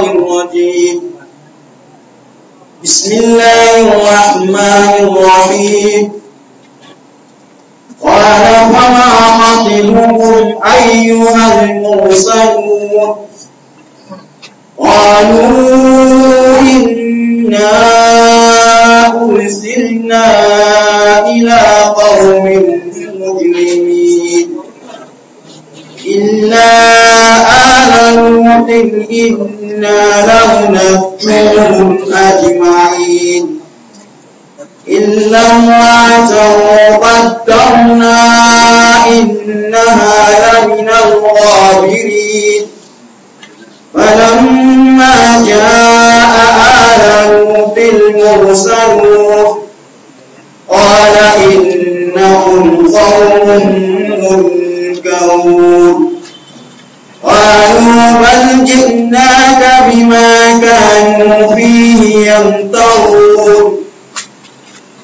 الشيطان الرجيم بسم الله الرحمن الرحيم قال فما خطبكم أيها المرسلون قالوا إنا أرسلنا إلى قوم مجرمين إلا آل نوح إنا لمنجوهم أجمعين إلا امرأته قدرنا إنها لمن الغابرين فلما جاء آل لوط المرسلون قال إنهم قوم منكرون بما كانوا فيه يمترون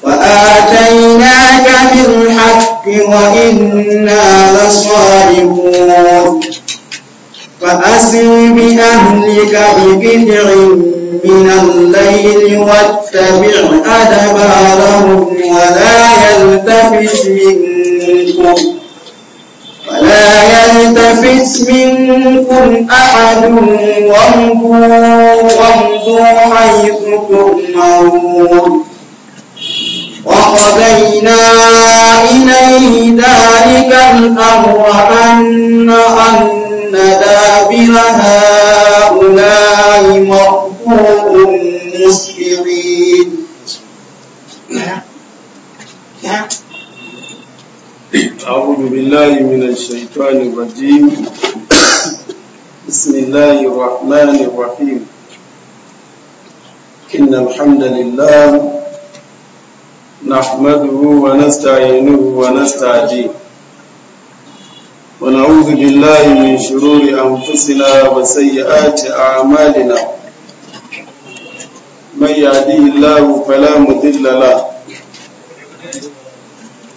وآتيناك بالحق وإنا لصالحون فأسر بأهلك ببدع من الليل واتبع أدبارهم ولا يلتفت منكم يئس منكم أحد وامضوا حيث تؤمرون وقضينا إليه ذلك الأمر أن أن دابر هؤلاء مقبوض مسلمين أعوذ بالله من الشيطان الرجيم بسم الله الرحمن الرحيم إن الحمد لله نحمده ونستعينه ونستعجيه ونعوذ بالله من شرور أنفسنا وسيئات أعمالنا من يهديه الله فلا مضل له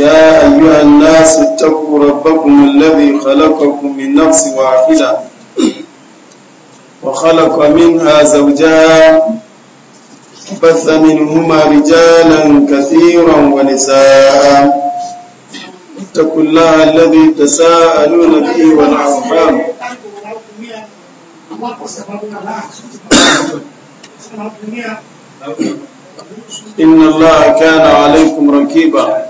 يا أيها الناس اتقوا ربكم الذي خلقكم من نفس واحدة وخلق منها زوجها بث منهما رجالا كثيرا ونساء اتقوا الله الذي تساءلون به والأرحام إن الله كان عليكم ركيبا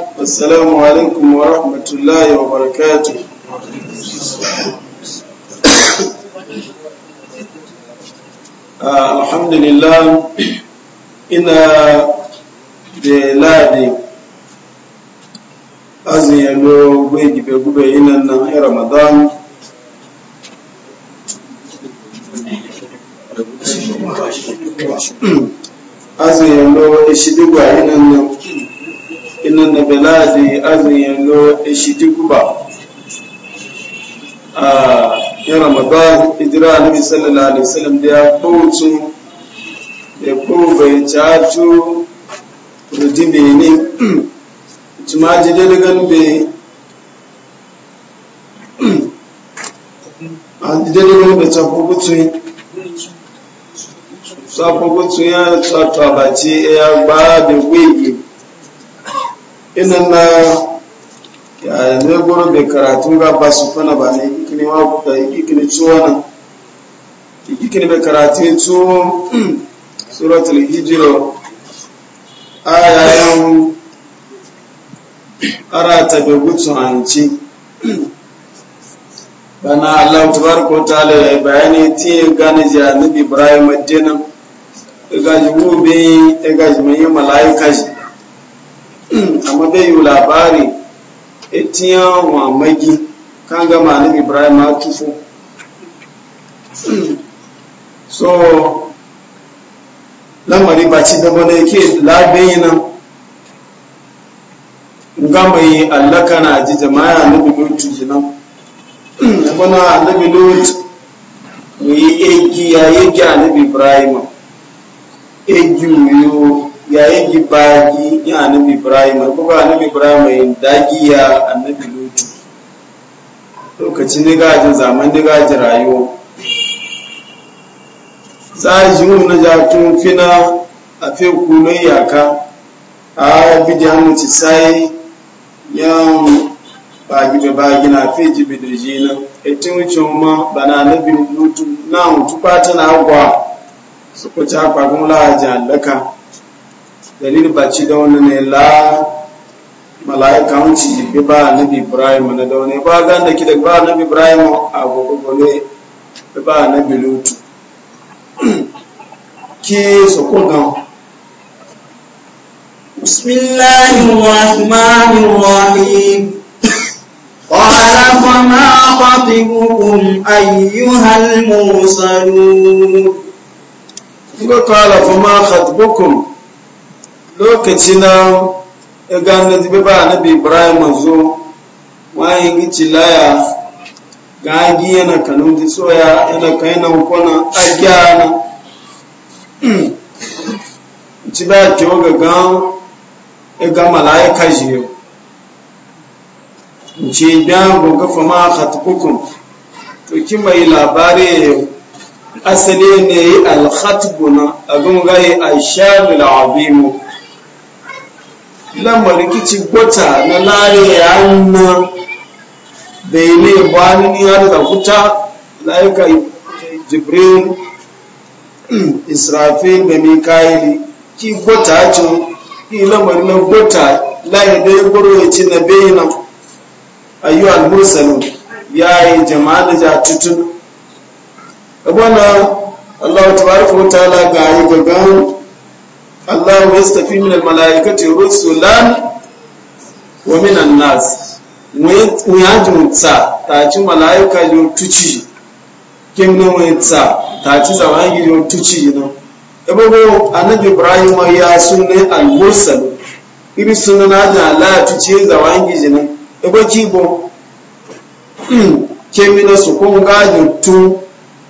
السلام عليكم ورحمة الله وبركاته الحمد لله إنا بلادي azin yalo gbe gibe gube yinan nan ai ramadan azin yalo ishi digwa nan ina na beladi azin yanzu ishiti kuba a yin ramadan idira alibi sallallahu alaihi salam da ya kowace ya kowace cacu rudi dai daga nube a ji dai daga nube ta tsɔ koko sa tsɔ ya sa eya ya ba da eyi inan na ya ne goro bai karatu ga ba su fana ba ne ikini wa da ikini ciwo nan ikini bai karatu ya ciwo hmm, suratul hijiro a yayin arata bai gutsun hanci bana allah tabaraka wa ta'ala ya bayani tiye gane ji annabi ibrahim madina ga ji gobe ga ji mai malaika shi amma bai yi labari etiyan magi kan gama ni ibrahim a tufo so lamari ba ci daba da yake labayi nan gama yi allaka na ji jama'a na bilotu kenan wani na bilotu mu yi egi ya yi gya a na ibrahim egi mu yi yayin gibagi ya annabi ibrahim ko ba annabi ibrahim dagiya annabi lutu lokacin da gaji zaman da gaji rayuwa za a ji na jatun fina a fi ya yaka a da hannu ci sai ya bagi da bagi na fi jibi da jina etin wucin ma bana annabi lutu na mutu fata na agwa su kuce akwagun la'ajin allaka dalil bacci da wani ne la mala'ika wuce bi ba nabi ibrahim na da wani ba gan da ki ba nabi ibrahim a gogogole bi ba nabi lutu ki so ko gan bismillahir قال فما خطبكم أيها المرسلون قال فما خطبكم lokaci na gane zibe ba na bi ibrahim zo wani gici laya ga agi yana kanun ji soya yana kai na hukunan agiya na ci ba ki oga gan ga malaika yau ce biyan goga fama katukukun to ki mai labari asali ne alkhatbuna abin gai aishalul abimu lamma rikici gota na lare ya nuna da yi ne ba ni ya da kuta laika jibril israfil da mikaili ki gwata ce ki lamari na gota laye da ya gwaro ya ce na bayina ayyu al-mursalu ya yi jama'a da jatutun abuwa na allah ta baraka wa ta'ala ga yi gaggawa Allahu يستفي من الملائكة rusulan wa الناس annas تسا tsa ملائكة ci malaika yo tuci kin no tsa ta ci zawangi yo tuci no ebogo annabi ibrahim ya sunne al-mursal iri sunna na da la tuci zawangi jina ebo kibo na su kun gajin tu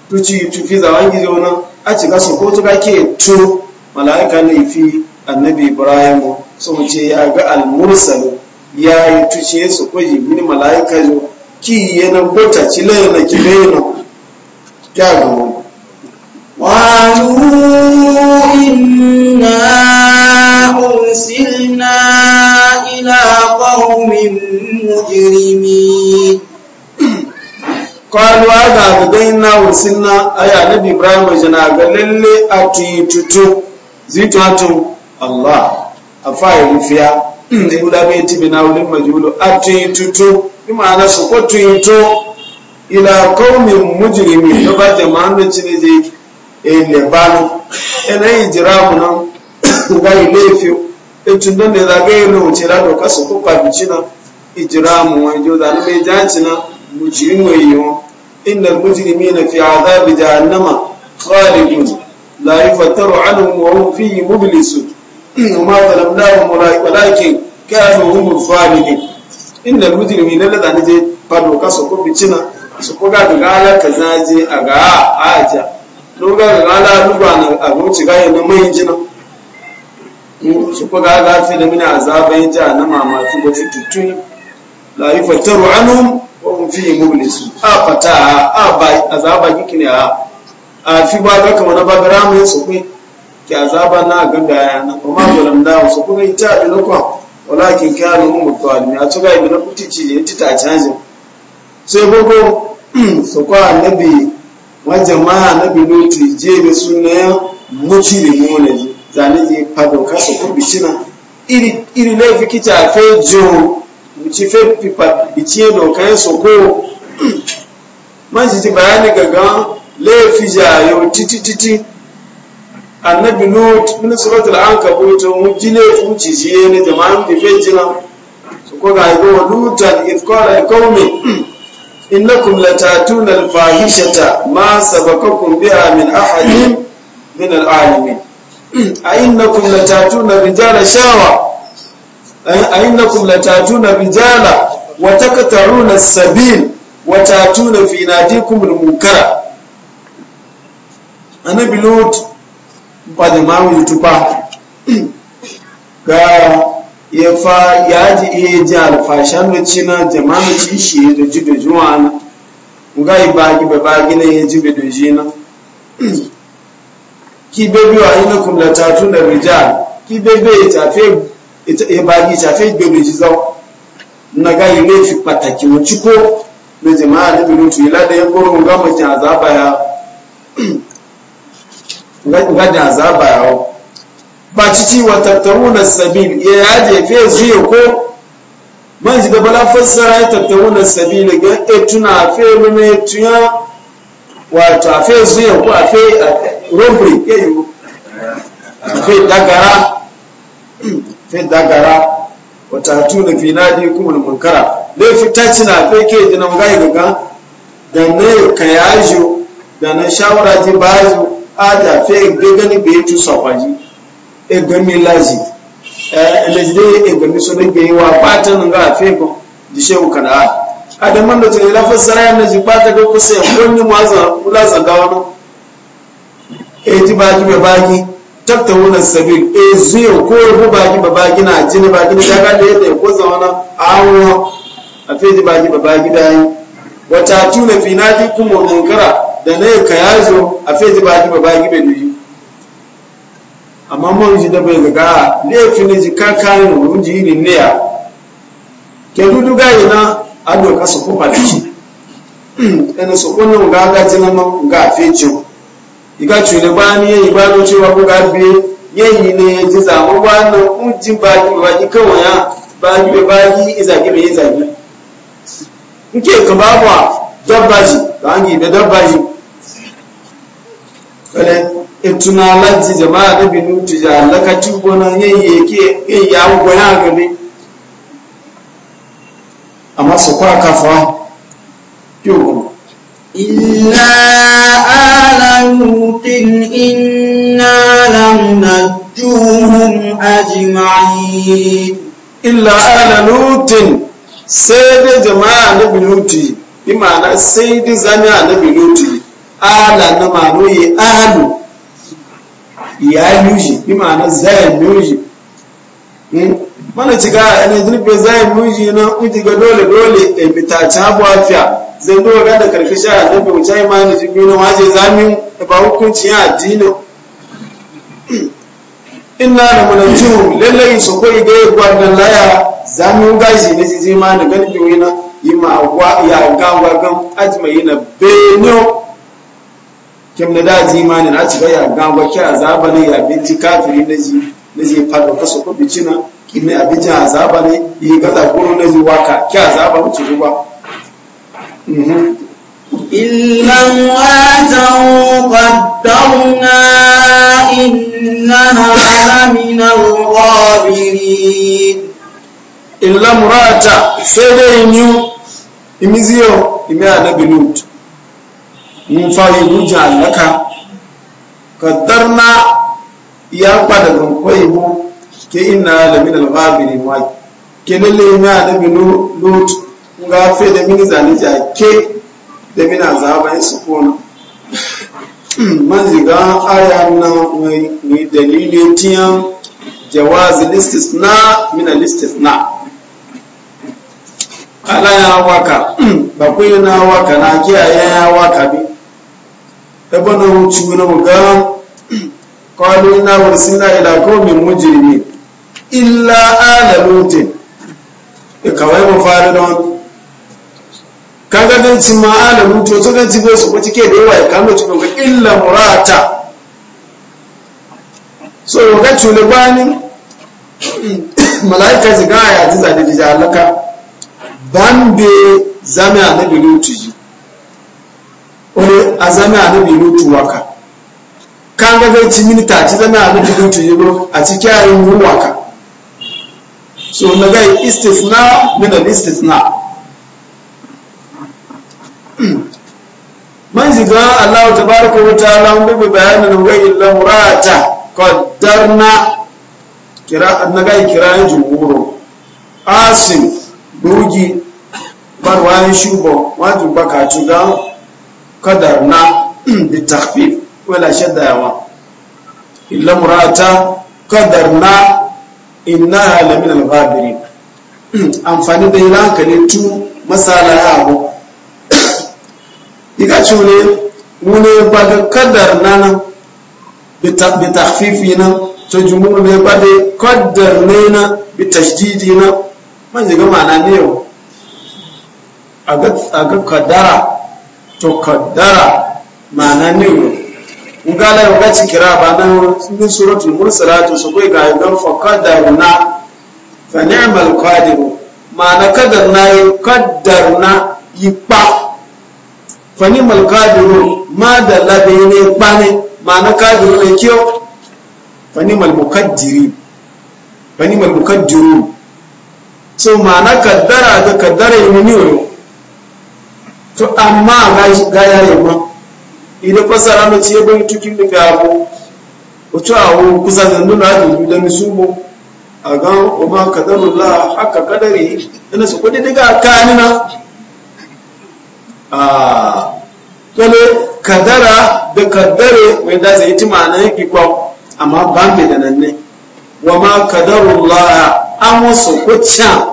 tuci tufi zawangi jona a cika su ko ga ke tu mala'ika ne fi annabi ibrahimu sun ce ya ga almursalu ya yi tushe su kwaji mini mala'ika zo ki yana bota ci laina ki laina ya ga wani قالوا إنا أرسلنا إلى قوم مجرمين kwano a ga gaina wasu na aya na bibrahim jana ga lalle a tuyi tutu zitu hatu allah afaye mfiya ne ulabe tibi na ulin majulu atitutu bi ma'ana su ko tuito ila qaumin mujrimin da ba jama'an da cine je e lebanu ina hijira mu nan ga ilefi etun don da zaga yi nan wuce rado kasu ko kwabici na hijira mu wani jo da ni bai janci na mujrimu yi yi wa inda mujrimi na fi azabi jahannama khalidun لا يفتر عنهم وهم فيه مبلسون وما ظلمناهم ولكن كانوا هم الظالمين inda mujrimi na lada ne je ba doka su ko bicina su ko ga daga ala ka zaje a ga a aja ga ala duba na a goci ga yana mai jina su ko ga ga fi da mina azaba yin ja na mamaki ba fi tutun la yufattaru anhum wa hum fi mublisun a fata a ba azaba kikine a fi ba ga kama na bagara mai su kai ki azaba na ganga ya na kuma gulan da su kuma ita da lokwa walakin kanu mu mutu a tuga ibn kutici da ita ta canjin sai gogo su kwa annabi wajen ma annabi lotu je da sunayen muci da wani zane yi fado ka su ku cina iri na fi kita fe jo muci fe pipa ciye dokan su ko man bayani gaggawa laifi jayo titi titi annabi lut min suratul ankabut mu ji laifin ci je ne jama'an da fe jina su ko ga go lutan if qala qawmi innakum latatuna alfahishata ma sabaqakum biha min ahadin min alalamin ainnakum latatuna rijala shawa ainnakum latatuna rijala wa taqta'una as-sabil wa tatuna fi nadikum al-munkara annabi lot ba da mamu yutufa ga ya fa ya ji iya ji alfashan da na jama'a ci shi ya doji da juwa na ga yi bagi ba bagi na ya ji da doji na ki bebe wa ina ta tatu da rija ki bebe ya tafe ya bagi tafe gbe doji zau na ga yi laifi pataki wuci ko na jama'a da bilutu ila da ya goro ga mutum azaba ya gajan azaba yawo ba ci wa tattarunan sabin ya yaje fe zuye ko man da bala fassara ya tattarunan sabil ga tuna fe lume tuya wato a fe zuye ko a fe robbery ke yi fe dagara fe dagara wata tuna fi nadi kuma da munkara fi ta cina fe ke jinan gaya gaga da na kayajo da na shawara ji bayo aja fe ni be tu safaji e gami laji elejide e mi so ne be wa patan nga fe ko di shehu kana adam man da ce la fasara yana ji pata ko kusa wani maza kula zaga wani e ji ba ji ba ji tabta wani sabil e zuyo ko ya bu baki ba baki na jini baki ni daga da de ko koza wani awo a feji baki ba baki da yi wata tuna fi na ji kuma munkara da na ka ya zo a feji baki ba baki bai nuyi amma mo ji da bai gaga na ne ji kankan ne mun ji irin ne ya ke dudu ga na a doka su kuma da shi ɗan su kuma ga ga ma ga iga cire ba ni yayi ba do cewa ko ga biye yayi ne ya ji ba nan kun ji baki ba baki ya ba nke dabba shi da an yi da dabba shi kale ituna lati jama'a da binu tija lakati gona yayyake yayya gona gabe amma su kwa kafa yau inna ala nutin inna lam najjuhum ajma'in illa ala nutin sai da jama'a da binu tija bi ma'ana sai di zami annabi lutu ala na mamuyi ahalu ya yuji bi ma'ana zayan yuji eh, mana ciga ne zurbe zayan yuji na uji ga dole dole e eh, mitaci abu afiya zai dole ga da karkashi a annabi wuce imani jibi na waje zami ba hukunci ya addini inna da munajjuhum lallai su koyi da ya gwadan laya zami gashi na jijima da ganin na ima wa ya ga wa gan ajmai na benyo kim na daji imanin na cikin ya ga wa kya azaba ne ya binci kafiri na ji na ji fado kaso ko bicina kim ne abinci azaba ne yi ga da guru na ji waka kya azaba wuce ruwa إلا امرأته قدرنا إنها لمن الغابرين إلا امرأته سيدي imiziyo imea nabi lut mun fayi hujja kaddarna ya kwada gankwai bu ke ina da min al ghabirin ke lalle imea nabi lut nga fe da min zani ja ke da min azaban su kona manziga ziga aya na mai dalilin tiyan jawazi listis na min listis na ala ya waka ba kuyi na waka na kiyaye ya waka bi ɗaba na wuce na muga kwallo na warsina ila komin mujirmi illa ala lutin e kawai mu fara don kaga ci ma ala lutin to kan ci bai su kwaci ke da yawa ya kama ci ga illa murata so ga tule bani malaika ji ya ci zadi da alaka bambe zame anabi lutu ji ole azame anabi lutu waka kanga ga ci minita ci zame anabi lutu ji bro a ci kyayin waka so na ga istisna min al istisna man ziga Allah tabaraka wa ta'ala mun bi bayanin wa illa murata qaddarna kira annaga kirayin jumhuru asim bugi marwayin shubo wajen baka cuga kadar na bitakfif wala shaddawa illa murata kadar na inna lamin al amfani da yin hankali tu masala ya abu ika ce ne wune bada da kadar na nan bitakfifi nan to jumhur ne ba da kadar ne na bitashdidi na man jiga ma'ana ne yau a ga kaddara to kaddara ma'ana niyo in gala yau gaci kira ba na cikin suratul mursalatu su kai ga yau fa kaddarna fa ni'mal qadiru ma'ana kaddarna yi kaddarna yi pa fa ni'mal qadiru ma da labe ne pa ne ma'ana qadiru ne kiyo fa ni'mal muqaddiri fa ni'mal muqaddiru so ma'ana kaddara da kaddara yi niyo to amma ga yayi ma idan fasara mu ce bai tukin da gabo wato awo kusa da nuna da da misubo a ga umma kadarullah haka kadare ina su kudi daga kanina a ah, kole kadara da kadare mai da zai ti mana yake kwa amma ba mai da nan ne wa ma kadarullah amma su kuccan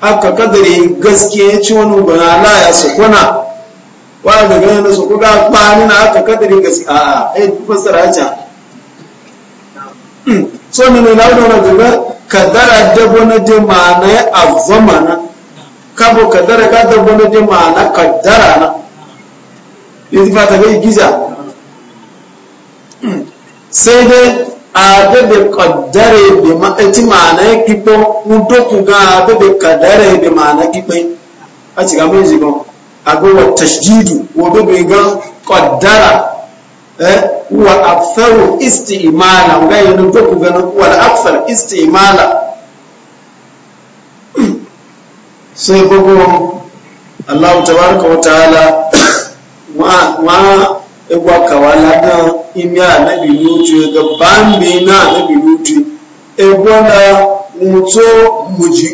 aka kadari gaske ya ci wani gwana na ya sukuna wa ga ganin da suku ga bani na aka kadari gaskiya a yi fasara ta so ne ne lawo na daga kadara dabo na je ma'ana ya azama na kabo kadara ka dabo na je ma'ana kadara na yanzu ba ta bai giza sai dai abebe kadare ebe ma eti maana e udo ku ga abebe kọdẹrẹ ebe maana a ti ga mo ji kọ ago tashjidu wo wọ bebe ga kadara eh wa afẹwo istimala ga nga do ku ga la afẹr istimala sai so ebogo Allah tabaraka wa taala wa wa. egwa kawala na imi anabi lutu da bambi na anabi lutu egwa na mutu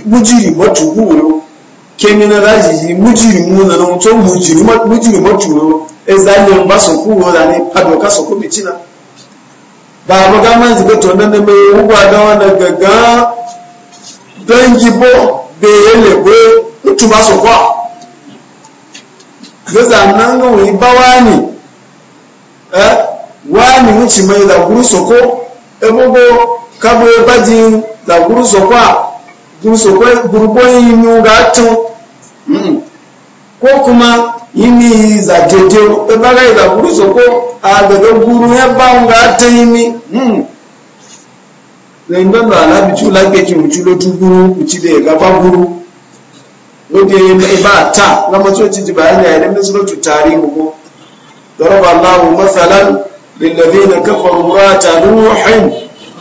mujiri matu guru kemi na rajiji mujiri muna na mutu mujiri mujiri matu guru ezali ba so kuwo da ni pado so ko mitina ba ba ga man zibe ne me ugwa da wanda gaga dangi bo be yele bo mutu ba so kwa gaza nan ga wi wani wuce mai zaguru soko ebogo kabo bajin zaguru soko guru soko gurbon yinu ga tun ko kuma yini zagede ebaga zaguru soko agaga guru ya ba ga tun yini hmm. lẹ́yìn gbọ́nà alábìtú lágbèjì òtú ló tún gúrú òtí lè gábá gúrú ó di ba ta lọ́mọ tí ó ti dìbà ẹ̀yà ẹ̀rẹ́mẹ́sọ́lọ́tù taari gbogbo ضرب الله مثلا للذين كفروا امرأة نوح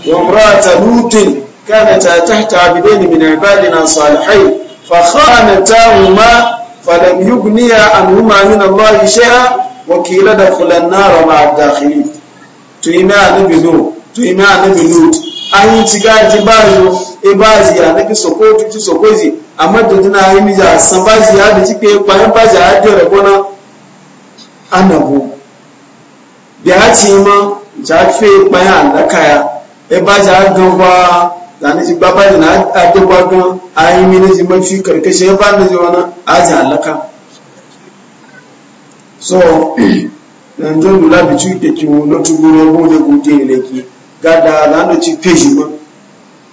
وامرأة لوط كانتا تحت عبدين من عبادنا صالحين فخانتاهما فلم يغنيا عنهما من الله شيئا وكيل دخل النار مع الداخلين تيما نبلو تيما نبلو أي ci gaji bayo e سكوت تسكوزي أما تدنا ci sokoji amma da dina yi mija san bazi ya da biya ci ma ja fe bayan alakaya e ba ja gangwa da ni ji baba da na adogwa gan ayi mi ni ji mafi karkashe ba ni ji wani aji alaka so nan jon lula bi ci ke ki wono tu guro bo de gute le ki gada na no ci peji ma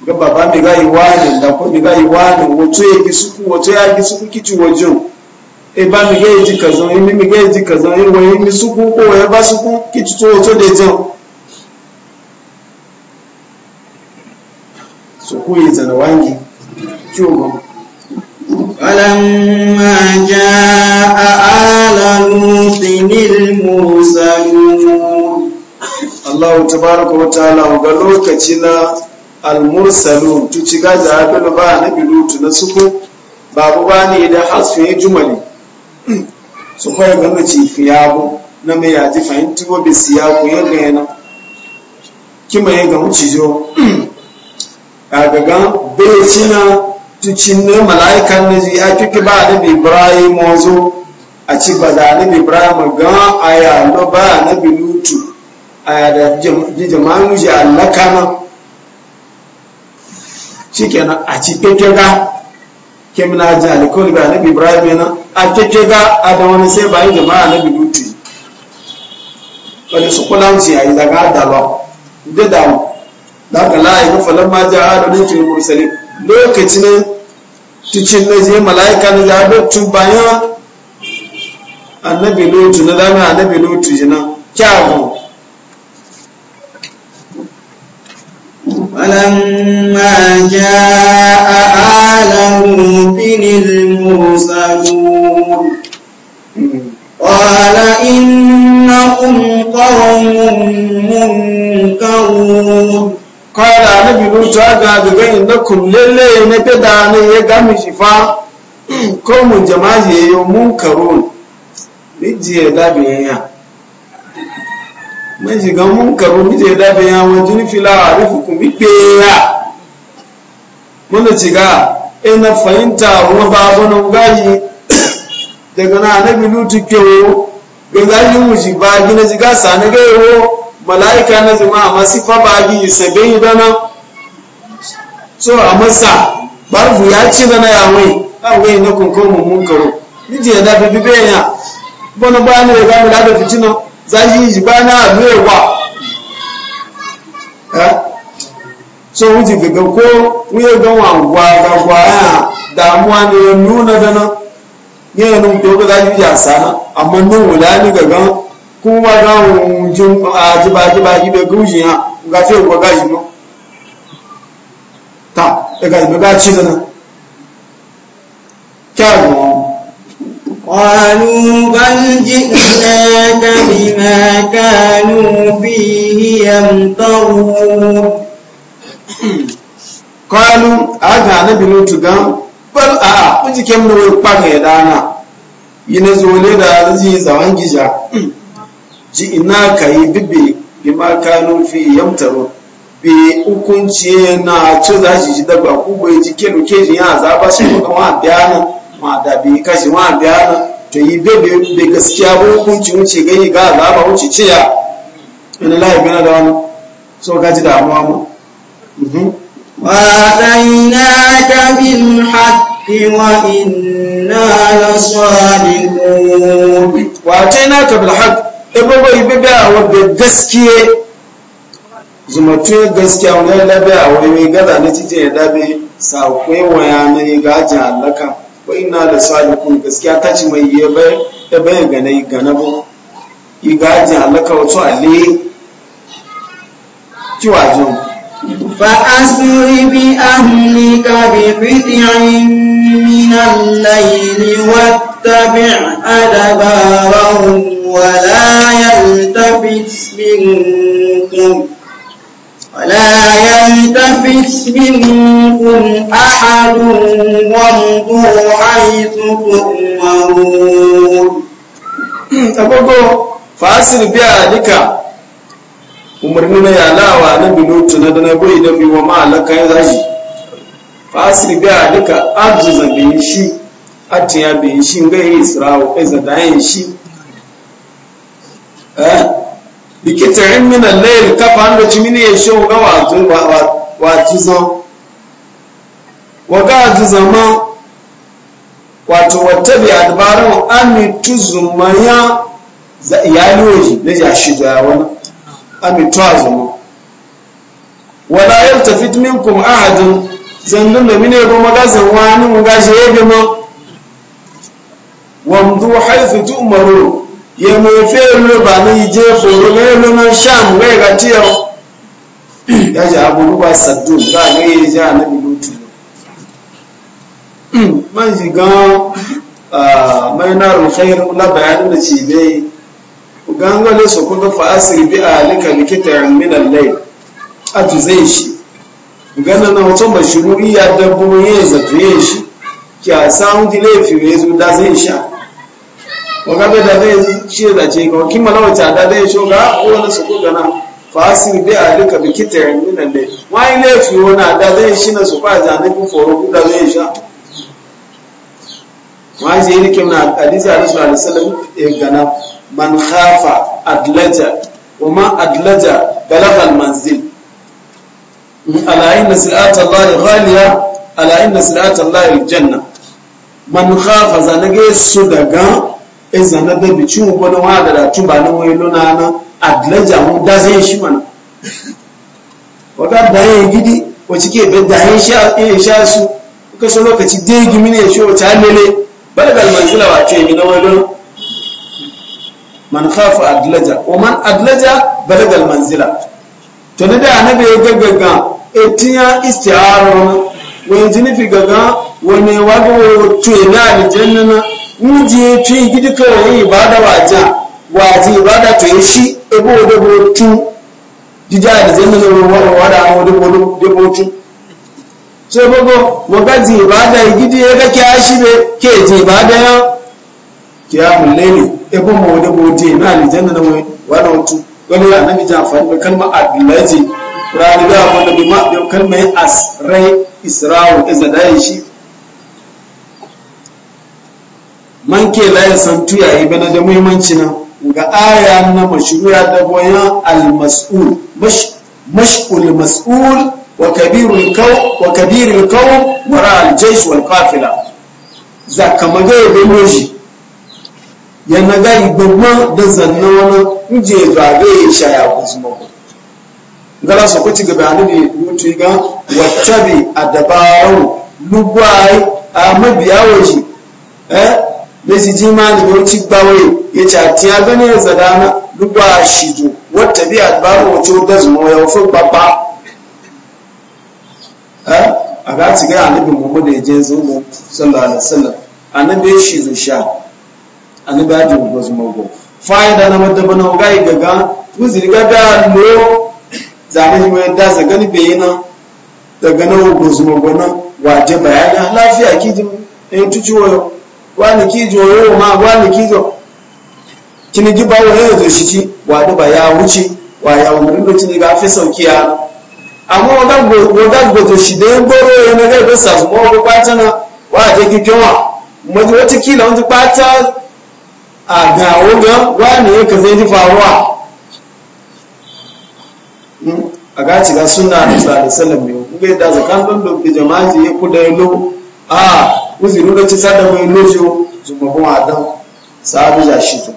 ga baba mi ga yi wani da ko mi ga yi wani wato ya ki suku wato ya ki suku kici wajen E ba mi ge eji kazan imi e mi ge eji kazan e iwe suku ko ya ba sukun ki tutu o to de jan sukun yi zana wangi ki o فلما جاء آل لوط المرسلون الله تبارك وتعالى وقالوا كتنا المرسلون تتجاز عبد الله نبي لوط نسكو babu bani da hasfin jumali su kwaya gama cifi ya bu na mai yaji fahimti wa bi siya ku yadda yana kima ga wuce jo a daga bai tucin ne mala'ikan na ji ya kiki ba da bi ibrahim mozo a ci ba da na bi ibrahim ga aya no ba na bi lutu aya da jama'an ji allaka na shikenan a ci kekega kem na ji alikoli ga annabi ibrahim yana a keke ga adawani sai bayan jama'a annabi lutu wani su kulanci a yi daga adalwa da damu da aka la'ayi na falon ma ji adalin kiri mursali lokaci ne cikin na je mala'ika na tu bayan annabi lutu na dama annabi lutu jina kyawu فلما جاء المرسلون قال إنهم قوم منكرون قال أنا بلوت أقعد بين لكم للي نبدا أنا يقام شفاء قوم جماعة منكرون Mijiyar labin ya, mai shiga munkarun mijiyar labin ya wajen filawa rufe kuma ya, muna shiga ina fahimta kuma babunan gayi daga na annabi lutu kewo ga zayin wuji ba gina jiga sani gaiwo mala'ika na zama a masifa ba gi sabe dana so a masa barbu ya ci dana ya wai a wai na kunkun mummun karo nije ya dafi bibiyan ya bana bayan da ya gami da fitina zayin ji ba na abuwa so wuce gaga ko wuye gawa gwagwaya damuwa ne ya nuna dana yanin ko ga zaki ya sana amma nun wula ni gaga kuma ga jin a jiba jiba gibe gushi ya ga ce ko ga jino ta daga ibe ga ci dana kyawu قالوا بل جئناك بما كانوا فيه يمترون a ga na binutu gan bal a kun ji kemno wai kwa ga dana yina zole da zai zaman gija ji ina ka yi bibbe bima kanu fi yamtaro bi hukunci na ci za shi ji dabba Ko bai ji kelu ke ji yana zaba shi kuma wa biyana ma da bi kashi wa biyana to yi bebe da gaskiya ba hukunci wuce gani ga zaba wuce ciya in lahi bina da wani so ka ji damuwa mu وآتيناك بالحق وإنا لصادقون وآتيناك بالحق ibogbo ibebe awon be gaskiye zumatu gaskiya wani labe a wani mai gaza na da ya dabe sakwai waya na yi gajin allaka ina da salikun gaskiya ta ci mai yabe yabe gane yi wato فأسر بأهلك بقطع من الليل واتبع أدبارهم ولا يلتفت منكم ولا يلتفت منكم أحد وامضوا حيث تؤمرون إيه، فأسر بأهلك umarni na yalawa na minutu na dana bai da biwa ma'alaka ya zaji fasir ga duka arziza bin shi atiya bin shi ga yi isra'u kai zadayen shi eh bikitarin min al-layl kafa an da cimini ya shi ga wato wato wa ga zama wato wata bi adbaru an tuzumaya za yoji da ya shi da wani amitwazo wala yaltafit minkum ahadun zandun da mine ba magazin wani mu gashi ya gama wamdu haifu tu'maru ya mai fere ba na ije foro ga yalo na sham ga ga tiyar ya ji abu ba saddu ga ga ya ji na bilutu man shiga mai na rufair la bayanin da ci bai gangane su kuka fa asiri bi alika likitan min al-layl ajizai shi Gana na ba shi mashiruri ya dabbo ya zafiye shi ki a samun dile fiye zo da zai sha wakabe da zai shi da ce ga kima na wata da zai sho ga wani su kuka na fasin bi a duka bi kita yanzu nan dai wani laifi wani da zai shi na su ba zanen ku foro ku da zai sha wani zai yi rikin na hadisi a rasu alisalam gana man khafa adlaja wa ma adlaja balagha almanzil ala inna silata allahi ghaliya ala inna silata allahi aljanna man khafa zanage su daga e zanade bi chu bono wa da tuba no we lona na adlaja mu da sai shi mana waga da yayi gidi wace ke bin da hin sha in e sha su kaso lokaci ne yi wani man khafa adlaja wa man adlaja balagal manzila to ne da annabi ya gaggaga etiya isti'ara wani jini fi gaga wani wago tuye na aljanna na muje tuye gidi yi ibada waja waji ibada tuye shi ebo debo tu jija aljanna na wani wada wa debo debo tu so gogo mo gaji ibada gidi ya ga kyashi be ke ji ibada ya kiyamun laili ebo mo da bote na aljanna na wai wani wato wani ya nabi jafar da kalma abdulaji rani da abu bi ma da kalma asrai isra'u iza e dai shi man ke la ya san tuya yi bana da muhimmanci na ga aya na mashruya da boyan al-mas'ul mash'ul mas'ul wa kabirul qaw wa kabirul qaw wara al-jaysh wal qafila zakamaga yana ga gbogbo da zanna wani nje ba zai shaya ku zuma ku gara su kuci ci gaba ne mutu ga a adabaru lugwai a mabiyawo shi eh ne ji ma ne ko ci gbawe ya ci atiya gane zadana lugwa shijo wattabi adabaru wacce da zuma ya fu baba eh a ga ci ga annabi muhammad ya je zuwa sallallahu alaihi wasallam annabi shi zusha annabi ya jibu ba su mago fa'ida na mata bana ga yi gaga uziri gaga lo zane shi mai dasa gani bayi nan daga nan ba su mago nan waje bayani ah, lafiya kiji in eh, tuci wayo wani kijo ni ma wani kijo kini ji bawo yau zo shi ci wadu ba ya wuce wa ya umarin da tuni ga fi sauki ya amma wadan gozo shi de yin goro ya na gaibe sa su kuma wata kwata na wa a je kikyowa wata kila wata kwata a ga wuga wani ya zai ji faruwa hmm? a gaci ga suna da tsari salam ne kuma da zakan don da jama'i ya kuda ya lo a kuzi da ci sada mai lojo zuma adam sa'adu da shi to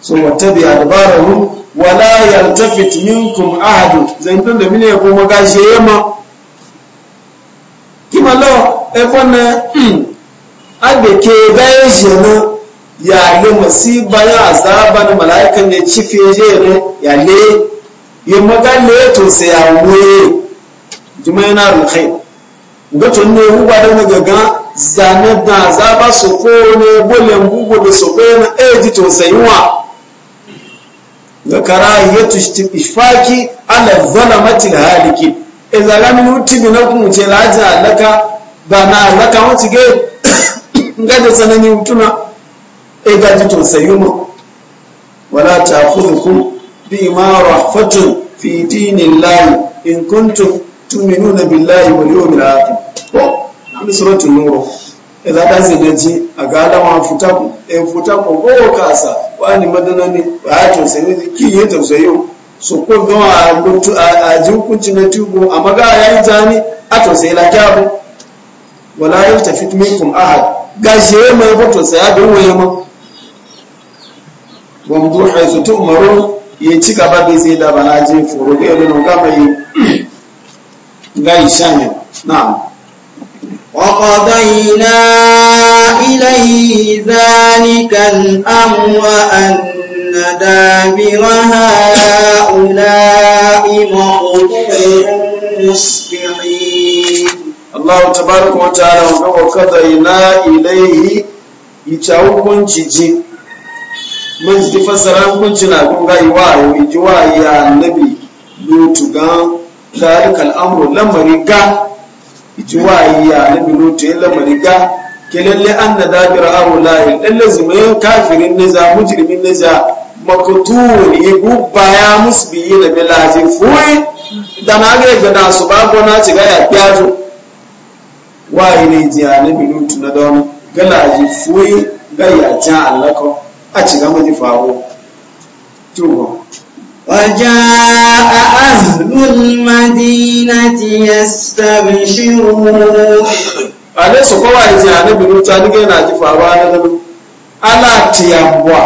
so wata wattabi adbarahu wala yaltafit minkum ahadu. zan tun da mine ko magashi yema kimalo e fonna ke bayan jeno ya le masiba ya azaba ni malaika ne chifi jeno ya le yi maga ya to ya wuye jimai na rukai gutun ne huwa da gaga zane da azaba su ko ne bole mbugo da su ko na eji eh, to sayuwa da karahiyatu ifaki ala mati alhaliki haliki e lamin utibi na kuma ce laja alaka ba na alaka wacce ge nga da tsanani mutuna e gaji tausayi mu wala bi bima rahfatun fi layi. in kuntum tu'minuna billahi wal yawmil akhir ko e ni suratul nur idza zai gaji a galama futa ku e futa ku go kasa wani madana ne ba tausayi ki yi tausayi so ko gama a a hukunci na tubu amma ga yayin zani a tausayi la kyabu wala yaltafit minkum ahad gashi ya mai fotonsa ya dunwa ya ma wamdu haizu tun umaru ya ci gaba da sai da bana je foro ga irin nuka yi gai shanin na'am وقضينا إليه ذلك الأمر أن دابر هؤلاء مقطوع مصبحين Allah tabaraka wa ta'ala wa kawo kadaina ilaihi ita hukunci ji mun ji fasara hukunci na kun ga iwa yi ji wa ya nabi lutu ga dalika al'amru lamari ga ji wa ya nabi lutu ya lamari ga ke lalle anna dabira awlai lalle zumayin kafirin ne za mujrimin ne za makutun igubba ya musbiyi na bilaji fuyi da na ga da su ba na ci ga ya piyazo wayi ne ji na lutu na don gala ji fuyi ga ya ja allako a ci gama ji fawo tubo وجاء أهل المدينة يستبشرون ale su ya ce annabi nuta duk yana ji faruwa na zama ala tiyambuwa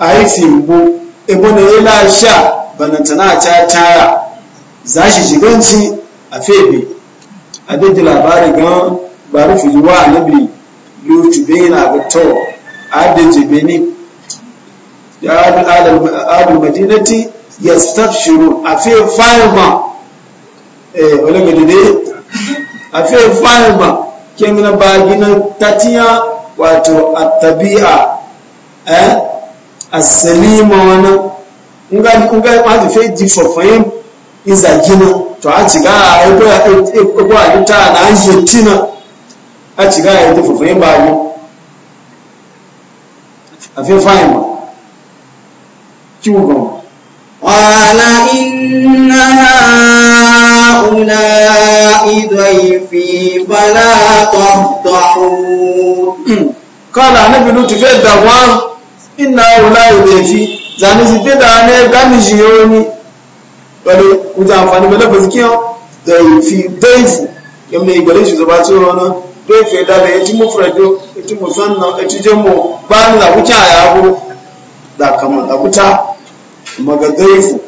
a yi fimbo ebo na yi la sha banatana ta tara za shi a febe abin da labari gan ba rufu yi wa alabi lutu bin yana abuto adiji bini ya adu madinati ya staff shuru a fi fayima eh wani gadide a fi fayima kin na bagi na tatiya wato a tabi'a eh a salima wani ngai ngai ma fi ji fofahim iza gina to a ci ga ebo ya e, e, e, a yuta na an a tina a ci ga ya yi fufuyin ba yi a fi fayin ba kiwo ba wala inna haula idaifi bala tahtahu hmm. kala nabi lutu fe da wa inna haula idaifi zani si fe da ne gani jiyoni wani wuta amfani ba lafazi kiyan da fi daifu yamma gare shi zaba cewa wani daifu ya da ya ci mufrado ya ci musanna ya ci ba ni da wuta ya yabo da kama da wuta maga daifu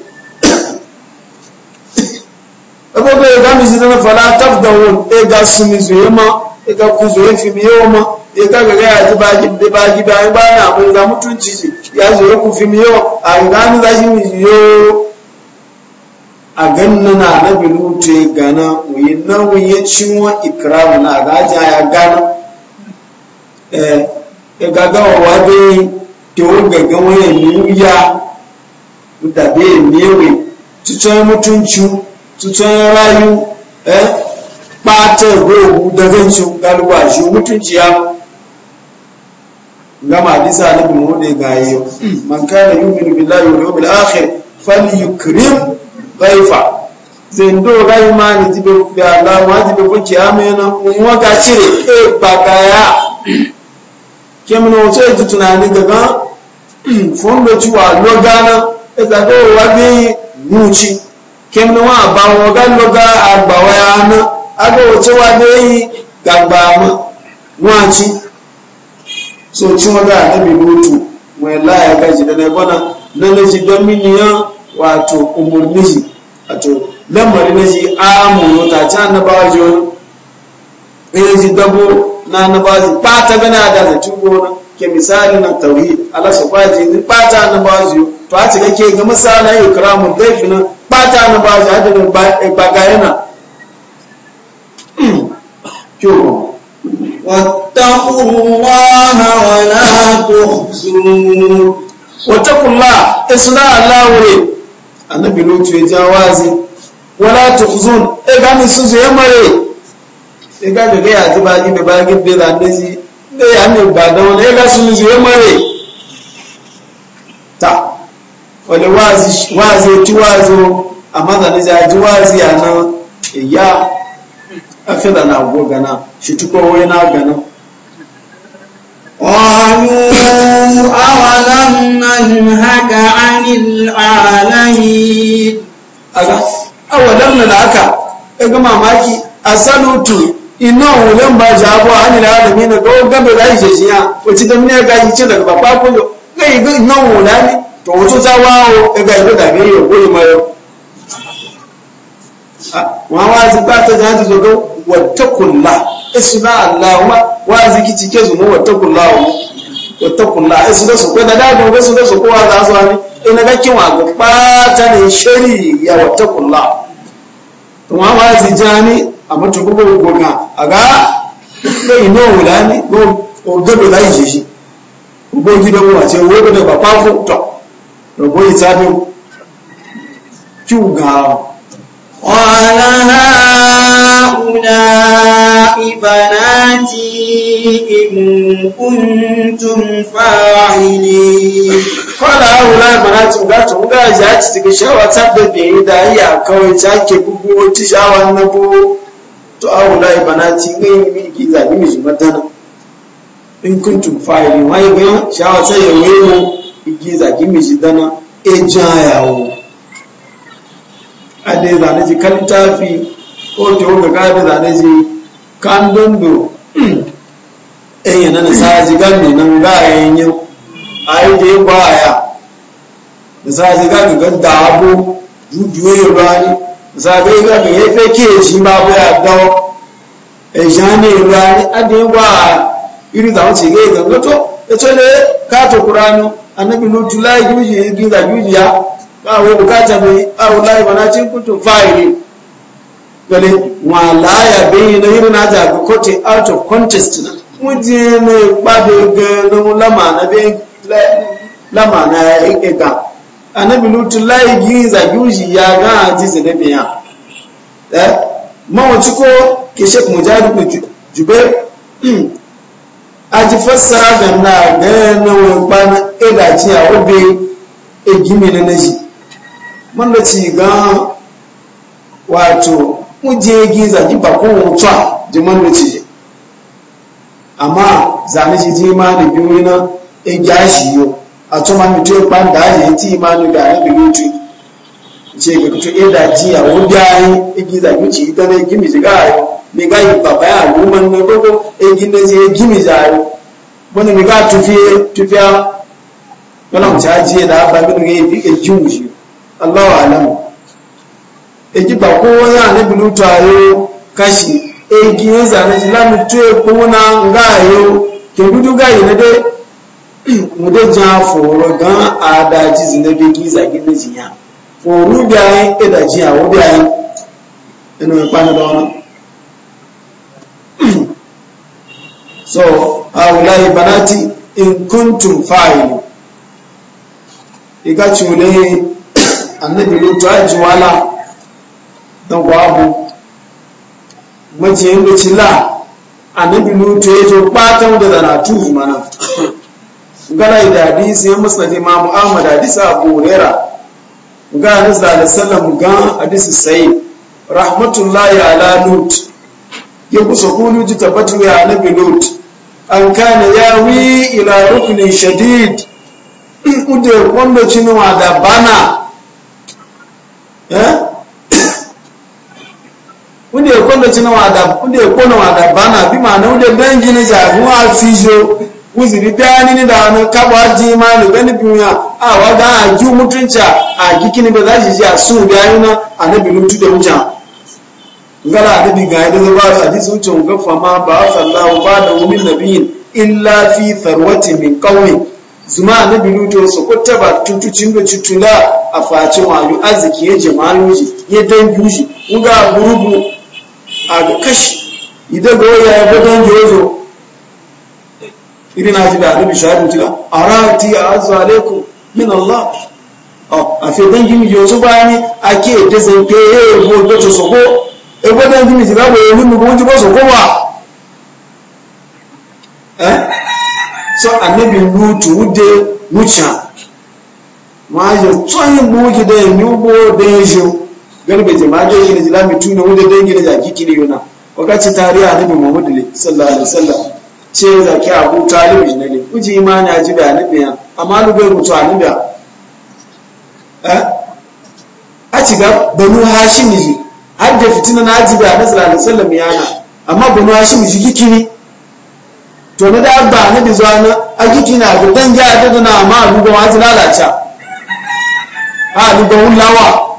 abubuwa ya gami shi zama fala taf da wun ya ga mi zuye ma ya ga ku zuye fi miyo ma ya ga gaga ya ji baki baki bayan bayan abin ga mutunci ya zuye ku fi miyo a gani za shi miyo a ganna na na binute gana uyi na ya cinwa ikramu na gaja ya gana eh e gaga wa be te o gaga wa ya nuya mutabe mewe tutsoyin mutunci tutsoyin rayu eh pata gogu daga cin galba shi mutunci ya gama disa na binute ne gaye man kana yu'minu billahi wal yawmil akhir falyukrim baifa zendo ga imani jibe ya Allah ma jibe ko kiyama kuma ga cire e bagaya tunani daga ci wa logana e wa bi wa ba ga loga wa wa gagba so ci wa ga wai la ya da ne bana lalle ji don miliyan wato umarni shi wato lamari na a amuru ta ci annabawa ji wani ɗaya ji dabo na annabawa ji ɓata gana da zaci gona ke misali na tauri ala su kwaji ni ɓata annabawa ji to a cikin ke ga misali ya kira daifin daifi na ɓata annabawa ji hajjabin bagayana kyau واتقوا الله ولا تخزون واتقوا ta اسمع الله annabi lutu ya ja wazi wala tukhzun e ga ni suzu ya mare e ga ga ya ji bagi da bagi da da ne da ya ne ba da wala e eh, ga suzu ya mare ta wani wazi wazi ti wazo amma da ni ja ji wazi ya nan eh, ya akada na gogana shi tuko wai na gana qalu awala ننهك عن العالمين ga mamaki a salutu ina wulen ba ji abu a hannun alami na ga gabe da yi jiya wacce da mune ga yi ce daga babba kuyo ga yi ina wula ne to wato ta wawo ga yi ya goyi mayo wawa zai ba ta wata kulla isu na wa zai ki cike su wata kulla wa watakunla ai su da su kwada dadin wasu da su kowa za su hannu ina ga kinwa ga ɓata ne shari ya watakunla ba a matukubar gona a ga ɗai no wula ne shi ba kwafo to بناتي إن كنتم فاعلين kwada hula mana tunga tunga ya ci daga shawa da bai da kawai ta bugu ta shawa na to a hula mana ci ga yi min ki zabi mi zumatana in kuntum fa'ili wai ga shawa ta ya yi mu igi mi e zane ji kan tafi ko to ga ga zane ji kan dondo eh yana na saji gami nan ga yayin ai da ya baya da saji ga ga dabo jujuwe ya bani sabi ga ga ya fake shi ma ba ya dawo eh jani bani adin wa iri da wuce ga ga to ya to ne ka to qur'ani annabi lutu la yuji yuji ya ba wa bukata mai a wallahi bana cin kuntum fa'ilin gani wala ya bayi na irin na zaga kote out of contest na wuje na gbado gano lama na bai lama na ya yi ga anabi lutu layi gi zagi uji ya ga aji zinabi ya eh mawaci ko ke shek mujahid jube aji fassara da na gana wani bana edaji a obe egimi na naji e e man da ci ga wato kuje giza ki ba ko mutuwa jiman da ce amma zane shi ji ma da biyu na e in a ma mutu ba e da ya e ti ma da ga da mutu ce ga to e da ji a wudai yi giza ki ci ne gimi ji ga ga yi baba ya ruman na gogo e gina je gimi za yo wani me ga tufiye tufiya wannan ji da ba alamu egi ba kowa ya ne binu tayo kashi egi ya zane shi lami tuye kuna ngayo ke gudu gayi na dai mu dai ja foro gan adaji zine bi giza gina jiya foro biyayen edaji a wo biyayen inu ya kwana da wani e so awulayi banati in kuntum fa'ilu iga cule annabi lutu ajiwala don babu majiyin da ci la annabi lutu ya ɓatan da zanatu mana gana da hadisi ya musa da imamu ahmad hadisi abu huraira ga hadisi da sallam ga hadisi sai rahmatullahi ala lut ya kusa kunu ji tabbatu ya annabi lut an kana yawi ila rukunin shadid ude wanda cinuwa da bana eh lokaci na wada kude ko na wada bana bi ma na ude benji ne ja mu a fijo uziri dani ne da na kabo aji ma ne bani biya a wada a ju mutunca a gikini ba za shi ji a su a na annabi lutu da mutan ngala annabi ga da ba sun wucin ga fama ba sallahu ba da umin nabiyin illa fi tharwati min kauye zuma annabi lutu su kuttaba tutucin da tutula a faci wayo arziki ya jama'u ya dangi shi ga a kashi ida goya gudan jozo iri na ji da annabi shahadin tila arati azza alaikum min allah ah, a fi dan gimi jozo bani ake da zanke ye go go to soko e gudan gimi ji gabo yin mu gunji go soko wa eh so annabi lutu wude wucha ma je tsoyin buji da yubo da yajo garbe jama'a yi na da tuna wajen dangi na jaki kiri yuna wakati tarihi annabi muhammadu ne sallallahu alaihi wasallam ce zaki abu talibi na ne kuji imani a da annabi ya amma lubai mutu annabi eh? a ci ga banu hashim ji har da fitina na jibi annabi sallallahu alaihi wasallam yana amma banu hashim ji kikiri to na da ba annabi zuwa na a kikina ga dangi a dadana amma lubai ma ji lalata a lubai lawa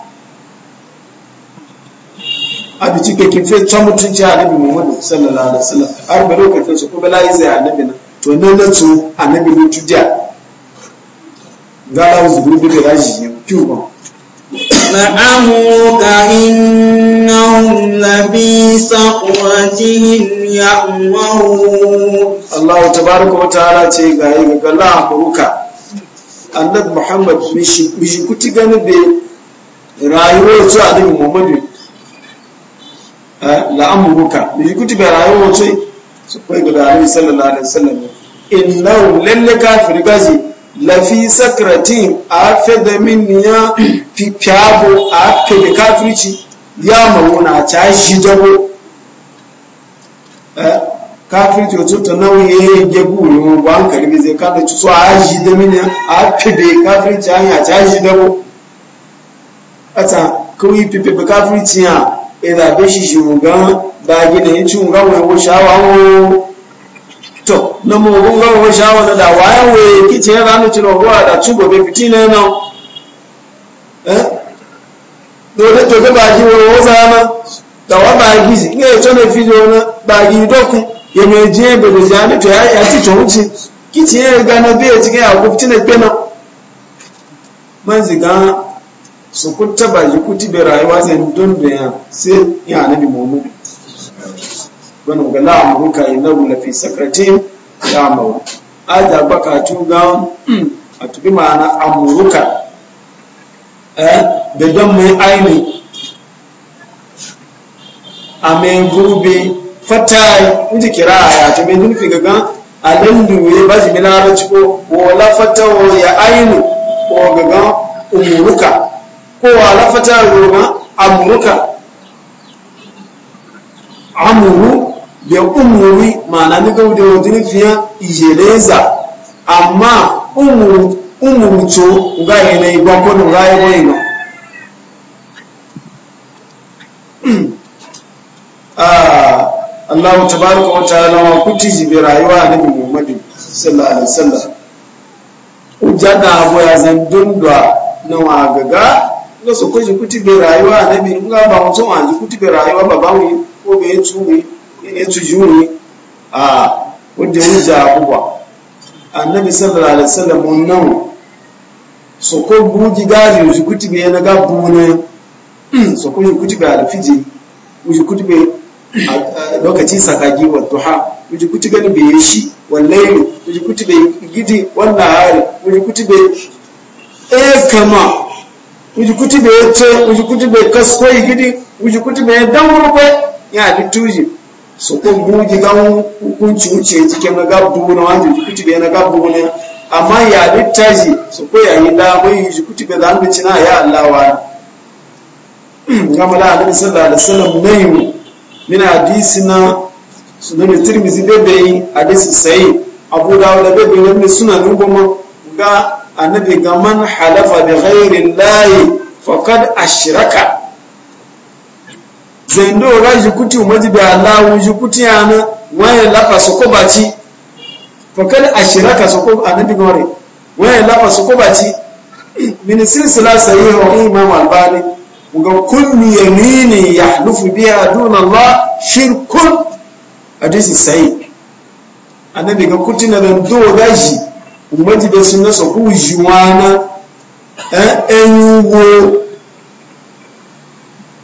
abi ci ke kife ta mutunci annabi Muhammadu sallallahu alaihi wasallam har ba lokacin su ko bala yi zai annabi na to ne da su annabi ne tuja gala zuru bi da ji kyuba ma'amuka innahum labi saqwatihim ya'mahu Allah tabaraka wa ta'ala ce ga yi ga Allah kuruka annabi Muhammad mishi kuti gani be rayuwar su annabi Muhammadu. Eh, la'amuruka da kuti bai rayuwa ce su kai guda alaihi sallallahu alaihi wasallam innahu lalle kafir gazi lafi sakratin a fe da min ya fi kyabo a fe da kafirci ya mawuna ta shi dabo eh, kafirci wato ta nauye ya guri wa ba hankali zai kada ci so a shi da min a fe da kafirci hanya ta shi dabo ata kawai fi fi kafirci ya ìdàgbé ṣiṣẹ́ ògán báyìí lẹ́yìn tí òun gáwọn ẹ̀wọ̀ ṣáwá wó tọ̀ lọ́mọ òun gáwọn ẹ̀wọ̀ ṣáwá dada wà á wè kí tiẹ̀ ránú tí lọ́wọ́ àdá túbọ̀ bẹ́ẹ̀ fìtí náà náà ẹ́ lórí tó dé báyìí wọ́n wọ́n sára náà tàwọn báyìí fi lọ náà báyìí dọ́kun èmi ò dín èbèrè sí àdìtò àti tòun ti kí tiẹ̀ gbaná bí ètí kẹ́ àkókò tí lè gbé su kuta ba yi kuti bai rayuwa zai don da ya sai ya nabi muhammadu wani ga la'amuru ka yi nabu lafi sakrati ya mawa a da baka tuga a tubi ma'ana amuruka eh, da don mai aini a mai gurbe fatai inji kira a yato mai nufi gaga a nan duwe ba ji milarar ciko wala fatawa ya aini ko gaga umuruka kowa lafata roma amurka amuru da umuri mana ni gaudi wajen fiye ijeleza amma umuru co ga yanayi gwakwanin rayuwa ina ah, Allah tabaraka wa ta'ala wa kuti bi rayuwa nabi Muhammad sallallahu alaihi wasallam ujada abu ya zan dundwa na wagaga nga soko kuti be rayuwa anabi nga ba mutum a kuti be rayuwa baba wi ko be etu wi a wanda ya ja abuwa annabi sallallahu alaihi wasallam nan soko buji gari ji kuti be na gabune hmm, soko ji kuti be alfiji ji kuti be lokaci sakagi wa duha ji kuti gani be shi wallahi ji gidi wannan hari ji kuti be e kuti be yace kuti be kasko igidi kuti be dawro be ya tuji so ko buji ga hukunci uce cike na gabu na wanda kuti be na gabu ne amma ya taji so ko ya yi da mai kuti be zan bici na ya Allah wa hmm, gamala alaihi sallallahu alaihi wasallam nayi min na sunan tirmizi bebe hadisi sai abu dawud bebe ne sunan goma ga annabi ga man halafa bi ghairi llahi faqad ashraka zendo ra jikuti umaji bi allah jikuti ana waye lafa soko baci faqad ashraka soko annabi gore waye lafa soko baci min silsila sahih wa imam albani ga kullu yamini yahlufu biha duna allah shirkun hadisi sahih annabi ga kutina dan do gaji umarci da suna saku juwana ɗan eh, wo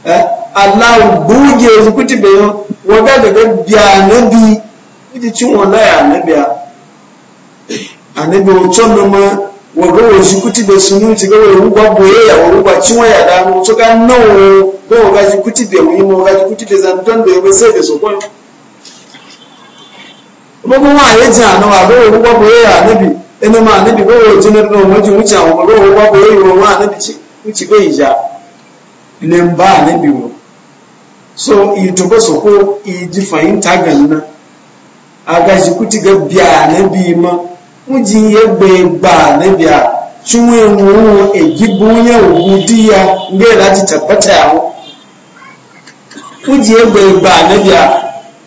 eh, buge su kuti bayan waga daga biya na bi kuti cin ya na biya a na ma waga wa shi kuti da sunu ci ga wani ya wa rugwa cin waya da mu to ga mu yi ma waga shi kuti da zanton bai sai da su kwan. Kuma kuma a yi jana wa ya ẹnu máa níbi bó wọ́n jiná náà wọ́n ju wúchà wọn bó wọ́n wábọ̀ yóò máa níbi wúchì pé ìjà lè ń bá níbi wọn so ìtòkòsòkò ìjì fàyíntà gànà agaji kuti ga biya níbi mọ́ wọ́n jí yẹ gbé gbà níbi à tún ẹnu wọn èyí bó yẹ òwú díya ń gbé láti tàbátà àwọn wọ́n jí yẹ gbé gbà níbi à.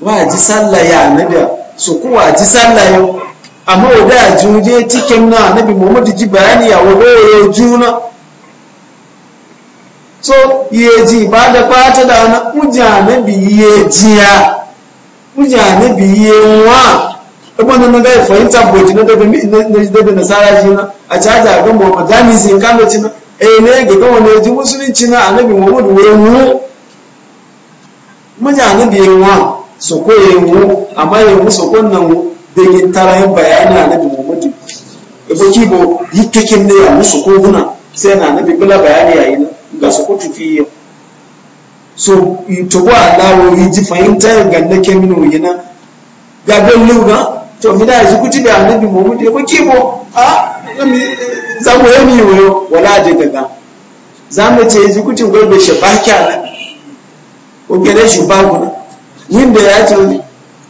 wa ji sallah ya annabi so ko wa ji sallah yau amma wa da juje cikin na annabi Muhammadu ji bayani ya wa ya juna so iye ji ba da fata da wani uja na biye jiya uja na biye wa ɗabon nan ga fahimta boki na daga nasara ji na a caja ga mu magani sin kano ci na eh ne ga ga wani ji na annabi muhammadu wai mu mun ya annabi soko yewu amma yewu sokon nan begin tarayin bayani na nabi muhammadu ibo kibo yi yikkekin ne ya musu ko huna sai na nabi bula bayani yayi na ga soko tufi yau so to wa lawo yi ji fahimta ga na ke mino yana ga don luga to mi da ji kuti da nabi muhammadu ibo kibo a za mu yi mi wayo wala je daga za mu ce ji kuti gobe shabaki a nan ko gele shi ba guna yinda ya ce da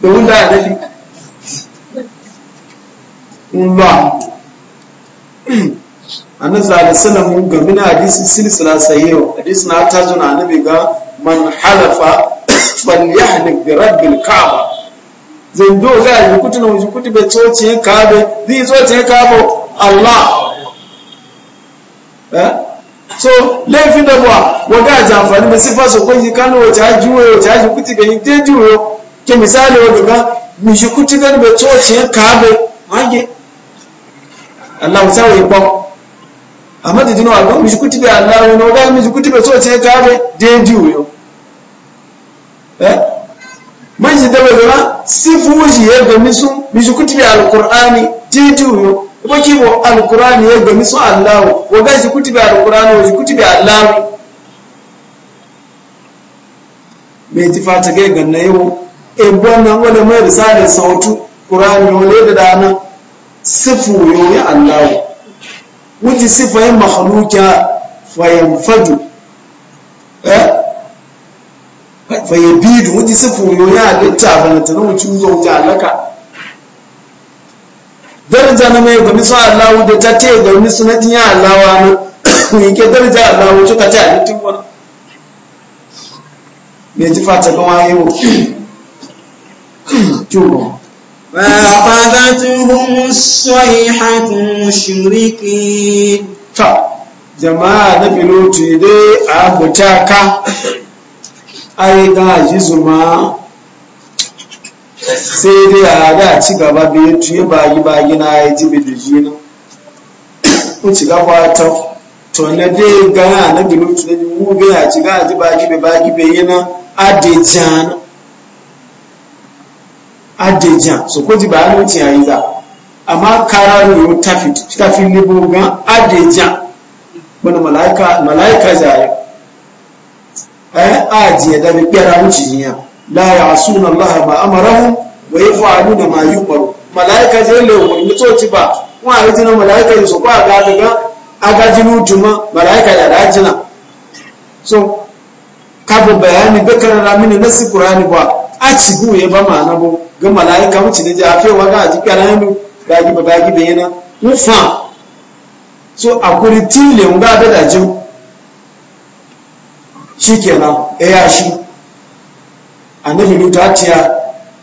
wunda a dafi ba a nan sa da sanamu ga mina hadisi silsila yau, hadisi na ta zuna annabi ga man halafa falyahlik bi rabbil ka'aba zan do ga yi kutu na wuji kutu bai tsoce ka'aba zai ya ka'aba Allah eh? so laifin da ba waga a jamfani da sifa su kwanji kano wace ha juwe wace ha jikuti ga yi te juwe ke misali wa gaga mi kuti gan bai tsoci ya kabe mage allah ta wai ba amma da dinu alba mi jikuti bai allah wani waga mi jikuti bai tsoci ya kabe te juwe eh man ji da bai zama sifu wuji ya gami sun mi jikuti bai alkur'ani te juwe ibo bo alqur'ani ya gami su Allah wa ga shi kutubi alqur'ani wa shi kutubi Allah me ti fata ga ganna yau e bonna wala mai risale sautu qur'ani le da dana sifu yo ya Allah wuti sifayin makhluqa fayanfaju eh yabidu wuti sifu yo ya litta bana tanu wuci zo wuce alaka darja na mai gomi sun allahu da ta te gomi sunatin ya allawa ne kun ke allahu suka ta halittin wani me ji fata ga waye wo tubo فأخذتهم الصيحة مشرقين jama'a na filotu dai a mutaka zuma sai dai a ga ci gaba da ya tuye bagi bagi na ya ji da shi na ku ci gaba ta to na dai gana na bilu tu da mu bi a ci ga ji bagi be bagi be yana adejan adejan so ko ji ba no ci ayi da amma kara ne yo tafi tafi ne bo ga adejan wani malaika malaika zai eh ajiye da bi kira mu ci niya la ya'suna allaha ma amarahum wa yi fa'alu da mayu baro malaika je le ko ni to ba kuma a jina malaika yi su ko ga daga aga jinu juma malaika da rajina so ka bo bayani be karara mini sikura ni ba a ci ya ba ma bo ga malaika wuce da ne ja wa ga a jikin ranu ga ji ba ga ji yana mu so a kuri tilin ga da da shi shikenan e ya shi a nufin ta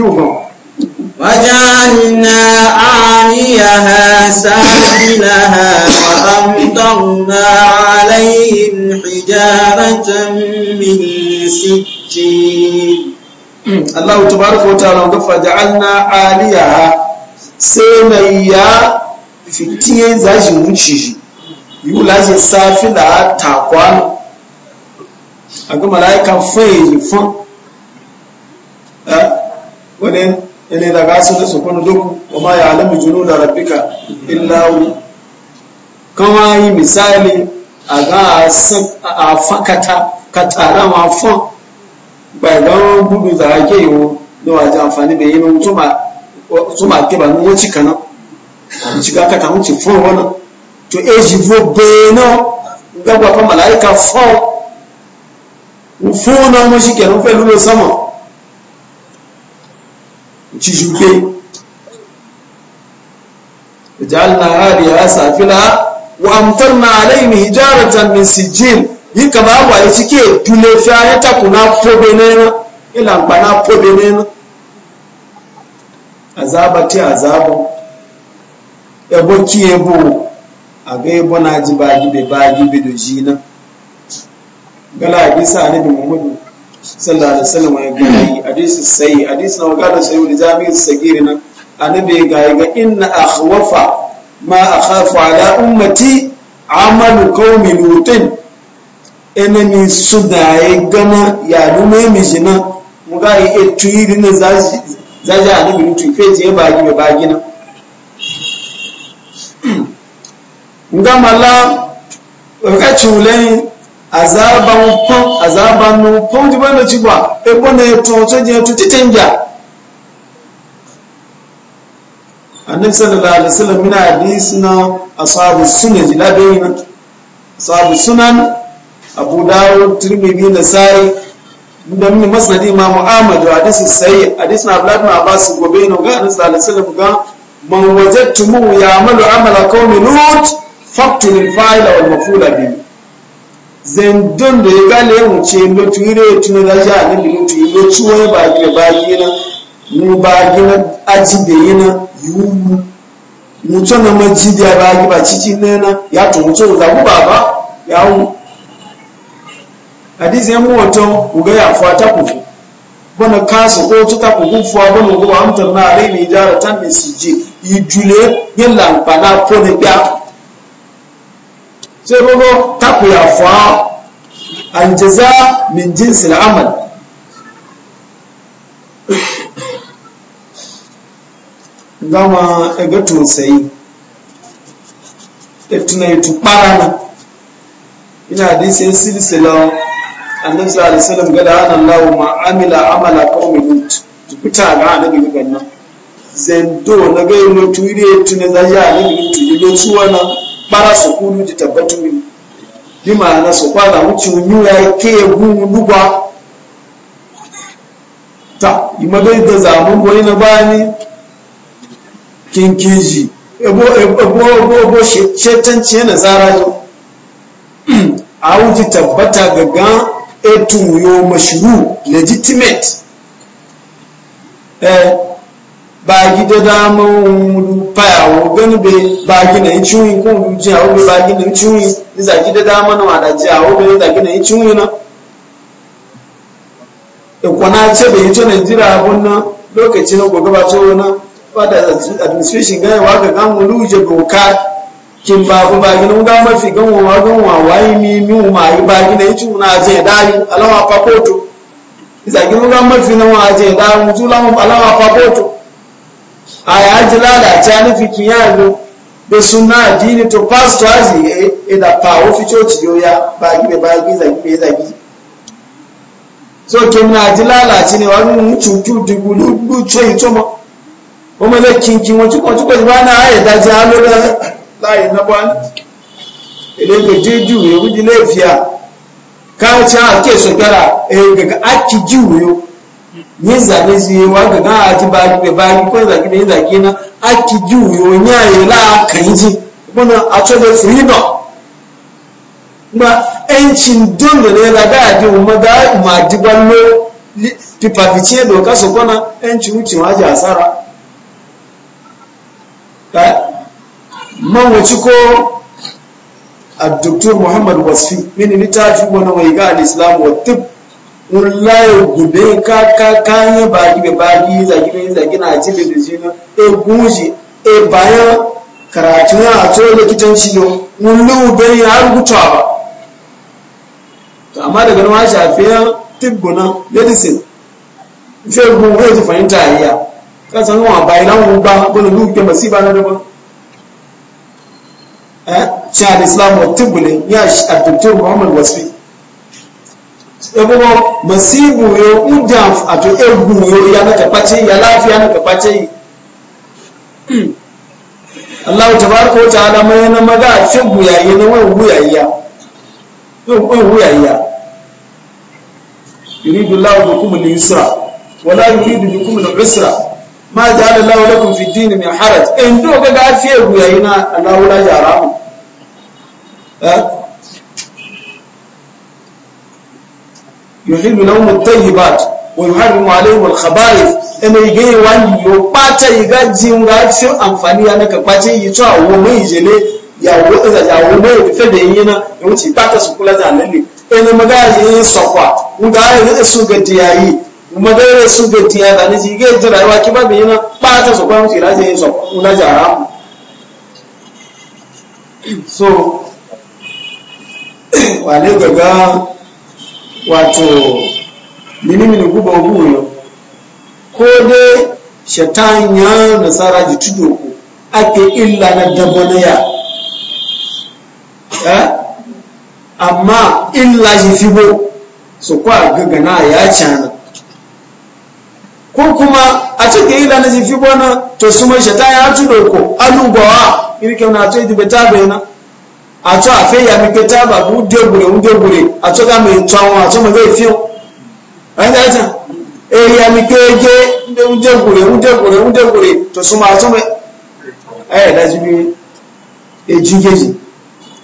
وجعلنا عاليها سافلها وأمطرنا عليهم حجارة من سجين Allah tabaraka wa ta'ala ga faja'alna aliyaha sai mai ya fitiye zashi wuce shi yula shi safi wani yana da gasu da su kwanu duk kuma ya alamu junu da rabbika illahu kama yi misali a ga a fakata ka tara ma fon Ba don gudu da ake yi wo da waje amfani da yi min tuma ke ba ni wuci kana wuci ga kata wuci fon wani to e ji vo beno gagwa kan mala'ika fon fona mu shi kenan pẹ̀lú lo sama cijuke jalna ya safila wa amtarna alaihim hijaratan min sijil yi kama wa yi cike dule fiye ta kuna fobe nena ila gbana fobe nena azaba ti azaba ebo ki ebo aga ebo na ji ba gibe ba gibe do jina gala bisa ne da mu. sallallahu alaihi wasallam ya gani hadisi sai hadisi na wakata sai wani jami'in sagiri nan annabi ga ga inna akhwafa ma akhafu ala ummati amalu qaumi lutin enemi sudaye gama ya dume mi jina yi etu yi dinin zaji zaji annabi ya na azabanu pon ti bana ti gba epo na eto to je to titinja annabi sallallahu alaihi wasallam mina hadisina ashabu sunan jilabain ashabu sunan abu dawud tirmidhi nasai da min masnad imam ahmad wa hadisi sai na abdullah ibn abbas gobe ne ga annabi sallallahu alaihi wasallam ga man wajadtum ya'malu amala qaumi lut faqtul fa'ila wal maf'ula bihi zendon da ya gane ya wuce lotu ire tuna da ja ne da lotu ire tuwa ya ba gina ba gina mu ba na aji da yana yuwu mutu na maji da ba gina ba cici ne na ya to mutu da ku ba ba ya hu hadisi ya mu wato ku ga ya fata ku bana kasu ko tuta ku ku fuwa bana ku amtar na rai ne jara tan ne yi ijule yalla bana ko ne biya sai gogo takuya fa an jaza min jinsil amal gama ga tosai e tunai ina hadisin silsila annabi sallallahu alaihi wasallam da Allah ma amila amala qaumi lut tukuta ga annabi ganna zendo na ga yin tuire tuna za ya annabi tuire suwana para sukulu ji tabbatu min bi ma'ana su kwana wuce nyura ke gun lugwa ta imabe da zamun goyi na bani kinkiji ebo ebo ebo ebo shetanciye na zara yau a wuce tabbata gaga etu yo mashru legitimate eh baagi dada mawulu payawo gani be baagi na ichuyi kundu je awo be baagi na ichuyi izagi dada mana wada je awo be izagi na ichuyi na ikwana ce be ito Nigeria abun na lokaci na gobe ba so na fada administration ga wa ga gamu luje doka kin ba ku baagi na ga mafi ganwa wa ganwa wayi mi mi ma yi baagi na ichuyi na je dali alawa pa kotu izagi ga mafi na wa je dali mutula mu alawa pa kotu a ya ji lalata ni fikin yaro da suna addini to pastor azi e, e ya yi da pawo ficoci yoya ba gibe ba gibe zagi zagi so ke muna ji lalace ne wani mutu ju dubu lubu ce yi tuma o ma zai kinkin wacce kwanci kwanci ba na haya da ji halo da layi na ba ile ga jeju ya wuji laifiya kawo ci a ke sogara eh daga aki ji wuyo yin zane su yi wa ga gan a ci baki bai baki ko zaki bai zaki na a ki ji wuyo nyaye la kan yi ji kuma a to da freedom ma yancin don da ne la da ji umma da ma di ballo pipa bice do ka so kona yancin wucin waje asara ka man wuci ko الدكتور محمد وصفي من لتاجي Al-Islam wa والطب nlayo gube ka kanye bagi be bagi zagi be zagi na ci da zina e guji e baya karatu na ato likitanci no nlu be ya rubuta ba to amma daga nan shafe tibbu na medicine je gun we ji fahimta iya ka san wa bai nan ba ko lu ke masiba na da ba eh sha islam wa tibbule ya shi abdul muhammad wasfi ebogo masibu yo ujam ato egu yo ya na kapace ya lafiya na kapace Allah tabaraka wa ta'ala mai na maga figu ya yi na wai wuyayya wai wuyayya yuridu Allah bikum al-yusra wa la yuridu bikum al-usra ma ja'ala Allah lakum fi din min haraj in do ga ga figu ya yi na Allah la ya eh yuhillu lahum at-tayyibat wa yuharrimu alaihim al-khaba'ith ene ige wani yo pata iga jinga ci amfani ya naka pata yi awo mai ya wo za ya wo fe da yin na pata su kula da lalle ene maga yi sokwa yi su ga tiyayi muga yi su da ni ge jira wa ki ba bi pata su kwa raje yi sokwa una jara so wale gaga wato ni guba huyo ko dai shaitan ya nasara ji tudo ku ake illa na dabonaya eh? amma illa shi fibo su kwa gagana ya cana ko kuma a cikin illa na shi fibo na to su mai shaitan ya tudo ku alubawa irke na to yi dubata na àtọ́ àfẹ́ ìyá mi pé tábà bú dégùrè ń dégùrè àtọ́ dámì ìtọ́ àwọn àtọ́ mọ̀ lóì fíhùn ẹ̀ńdájà èyí àmì pé gé ń dégùrè ń dégùrè ń dégùrè tó súnmọ́ àtọ́ mẹ́ ẹ̀ dájú bí èjì kejì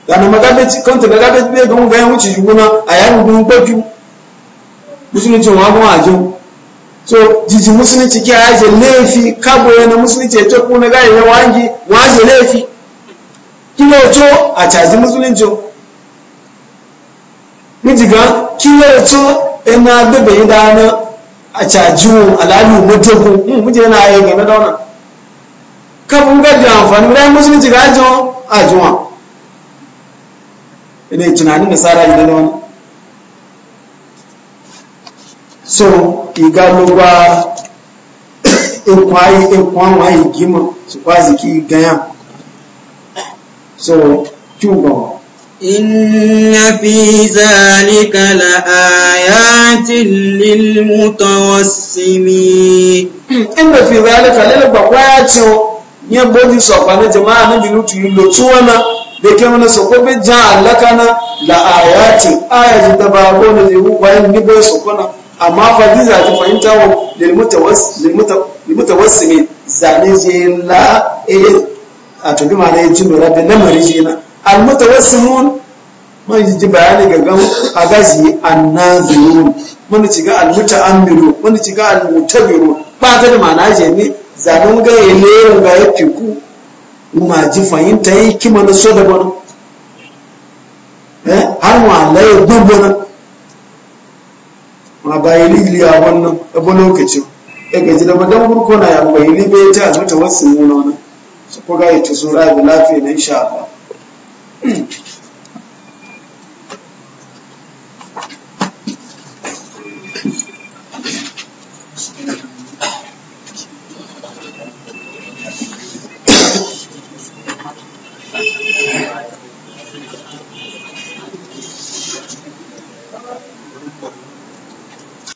lànà mọ́gábẹ́tì kọ́ńtà mọ́gábẹ́tì bí ẹ̀gbọ́n gbẹ́yìn wúchì ṣùgbọ́n àyà ń gbọ́n gbẹ́jú musulunci wọn mọ́ àjọ so jìjì musulunci kí a yà jẹ léèfi kábọ̀ ẹni musulunci ètò e kún ní gáyẹ̀ e wọn á jẹ léèfi kílẹ̀ ọjọ́ àtàdé mùsùlùmí nídìgá kílẹ̀ ọjọ́ ẹna agbẹ́bẹ̀ yìí dáná àtàjú aláàlú mọ́tẹ́kùn mújẹ náà ayé da lọ́dọ́nà kọ́bùn gẹ́gẹ́ àǹfààní rẹ̀ mùsùlùmí ti rájọ́ àjùwọ̀n ilé tunanin da tsara gidan wani so igalogba ikwayi ikwan wayi gima su kwaziki ganyan so kyuba inna fi zalika laayatin lilmutawassimin inna fi zalika lil bakwaya ce ya bodi sofana jama'a na bilutu lutu na. da ke mana soko jan allaka na laayatin ayatin da ba ko ne ku bayan ni bai sokona amma fa diza ta fahimta wa lilmutawassimin zane je la eh a tabi ma na yi jin lura da lamari shi na almuta wasu mun man ji bayani ga gan a gazi annazirun wani ci ga almuta amiru wani ci ga almuta biro ba ta da ma'ana je ne zanen ga ya lerin ga ya fi ku ma ji fahimta yi kima na so da wani eh, har ma laye dubbana ma bayi a wannan ɗabo lokacin ya gaji da madan burkona ya bayi libe ta almuta wasu mun wannan su ko ga ita tsura da lafiya da insha Allah